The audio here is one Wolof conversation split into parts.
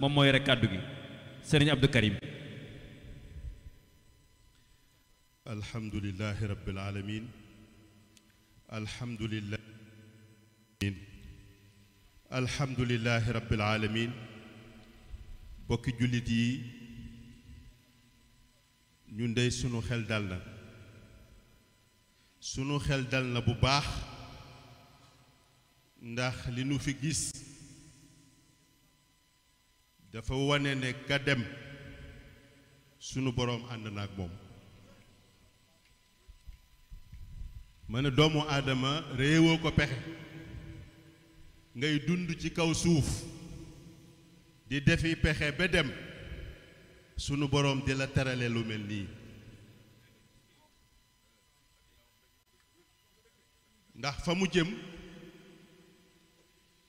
moom moo yore kàddu gi sëriñ Abdou Karim alhamdulillahi rabbil alamin alhamdulillahi alhamdulillahi rabbil alamin bokki jullit yi ñun dey sunu xel dal na sunu xel dal na bu baax ndax li nu fi gis dafa wane ne ka dem sunu boroom ànd na ak moom ma ne doomu aadama réewoo ko pexe ngay dund ci kaw suuf di defi pexe ba dem sunu boroom di la terale lu mel nii ndax fa mu jëm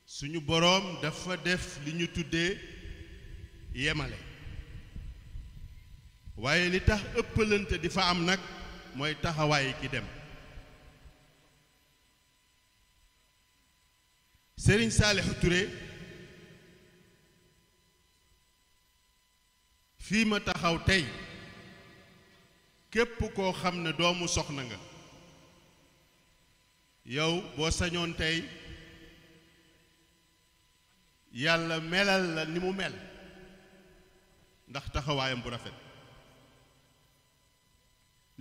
suñu boroom dafa def li ñu tuddee yemale waaye li tax ëppalante di fa am nag mooy taxawaay ki dem Serigne Saliou Touré fii ma taxaw tey képp koo xam ne doomu soxna nga yow boo sañoon tey yàlla melal la ni mu mel ndax taxawaayam bu rafet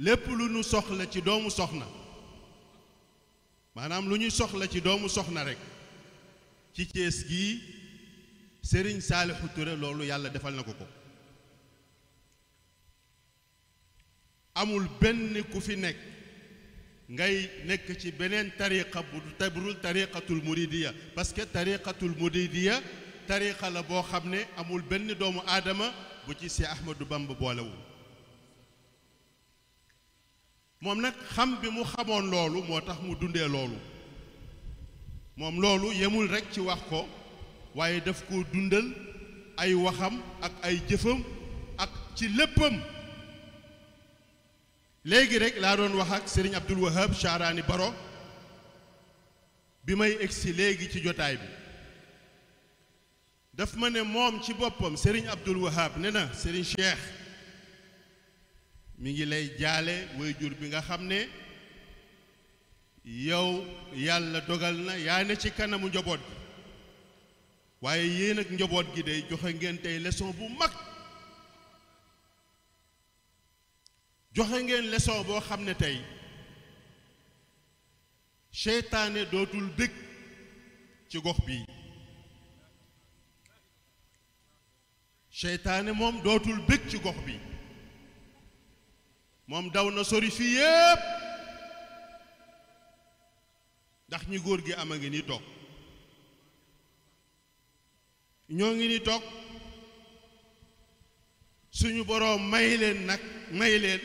lépp lu ñu soxla ci doomu soxna maanaam lu ñuy soxla ci doomu soxna rek ci Thiès gii Serigne Saliou Touré loolu yàlla defal na ko ko amul benn ku fi nekk ngay nekk ci beneen tariqa bu tabrul tariqatul muridiya parce que tariqatul muridiya tariqa la boo xam ne amul benn doomu aadama bu ci si Ahmadou Bamba boolewul moom nag xam bi mu xamoon loolu moo tax mu dundee loolu moom loolu yemul rekk ci wax ko waaye daf ko dundal ay waxam ak ay jëfam ak ci léppam léegi rek laa doon wax ak Serigne Abdul Wahab Baro bi may egsi léegi ci jotaay bi daf ma ne moom ci boppam Serigne Abdul Wahab ne na Serigne Cheikh mi ngi lay jaale waajur bi nga xam ne yow yàlla dogal na yaa ne ci kanamu njaboot gi waaye yéen ak njaboot gi day joxe ngeen tey leçon bu mag joxe ngeen leçon boo xam ne tey seytaane dootul bég ci gox bii seytaane moom dootul bëgg ci gox bi moom daw na sori fii yépp ndax ñi góor gi am a ngi ni toog ñoo ngi ni toog suñu boroom may leen nag may leen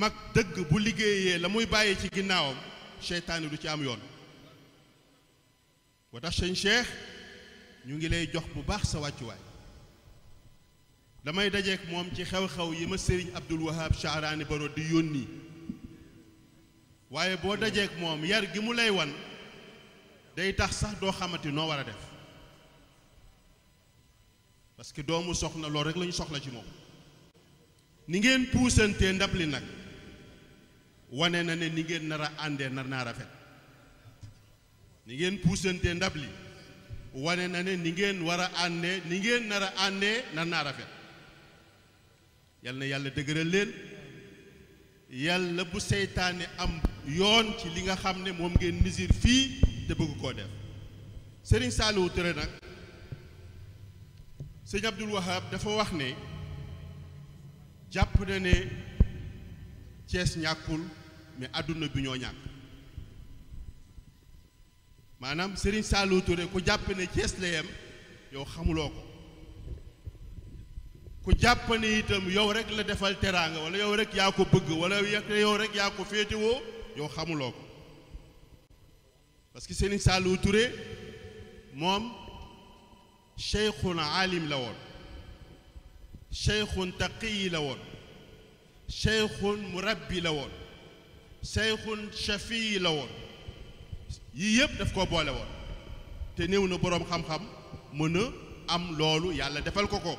mag dëgg bu liggéeyee la muy bàyyi ci ginnaawam seytaane du ci am yoon moo tax sëñ ñu ngi lay jox bu baax sa wàccuwaay damay dajeek moom ci xew-xew yi ma sëriñ Abdul Wahab Sha'raani Baro di yónni waaye boo dajeek moom yar gi mu lay wan day tax sax doo xamati noo war a def parce que doomu soxna lool rek lañu soxla ci moom ni ngeen puusantee ndab li nag wane na ne ni ngeen nar a àndee nar naa rafet ni ngeen puusantee ndab li wane na ne ni ngeen war a àndee ni ngeen nar a àndee nar naa rafet yal na yàlla dëgëral leen yàlla bu seytaane am yoon ci li nga xam ne moom ngeen misir fii te bëgg koo def sëriñ Saliou Touré nag sëñ Abdul Wahab dafa wax ne jàpp na ne Cees ñàkkul mais àdduna bi ñoo ñàkk maanaam sëriñ Saliou ture ku jàpp ne Cees la yem yow xamuloo ko ku jappani itam yow rek la defal teranga wala yow rek ya ko bëgg wala yow rek ya ko wo yow xamuloko parce que seni salou Touré mom cheikhun alim la won cheikhun taqi la won cheikhun murabbi la won cheikhun shafi la won yi yeb daf ko bolé won te néwna borom xam-xam mën am loolu yàlla defal ko ko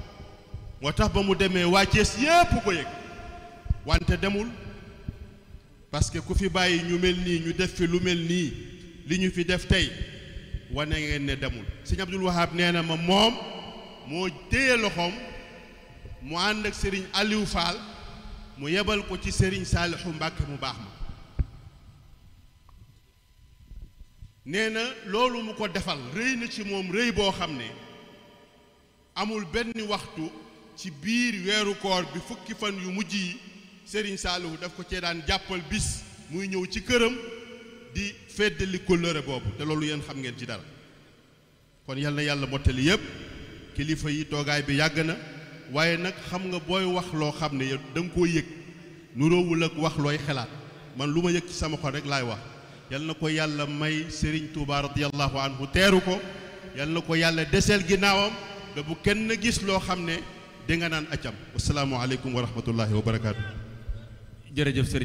motax ba mu démé waccé Thiès yépp ko yëg wante demul parce que ku fi bàyyi ñu melni ñu def fi lu melni li ñu fi def tay wane ngeen ne demul sëñ abdoul Wahab néna ma mom mo téye loxom mu ànd ak Serigne Aliou Fall mu yebal ko ci Serigne salihou Mbacke mu bax ma néna na loolu mu ko defal reyna ci mom rëy bo xamné amul benn waxtu ci biir weeru koor bi fukki fan yu mujj yi sëriñ Saliou daf ko cee daan jàppal bis muy ñëw ci këram di feddali kóllëre boobu te loolu yéen xam ngeen ci dara kon yal na yàlla mottali yépp kilifa yi toogaay bi yàgg na waaye nag xam nga booy wax loo xam ne da nga koo yëg nuroowul ak wax looy xelaat man lu ma yëg ci sama xol rek laay wax yal na ko yàlla may sëriñ Touba radiyallahu teeru ko yal na ko yàlla deseel ginnaawam te bu kenn gis loo xam ne. dengan acam. Wassalamualaikum warahmatullahi wabarakatuh. Jerejef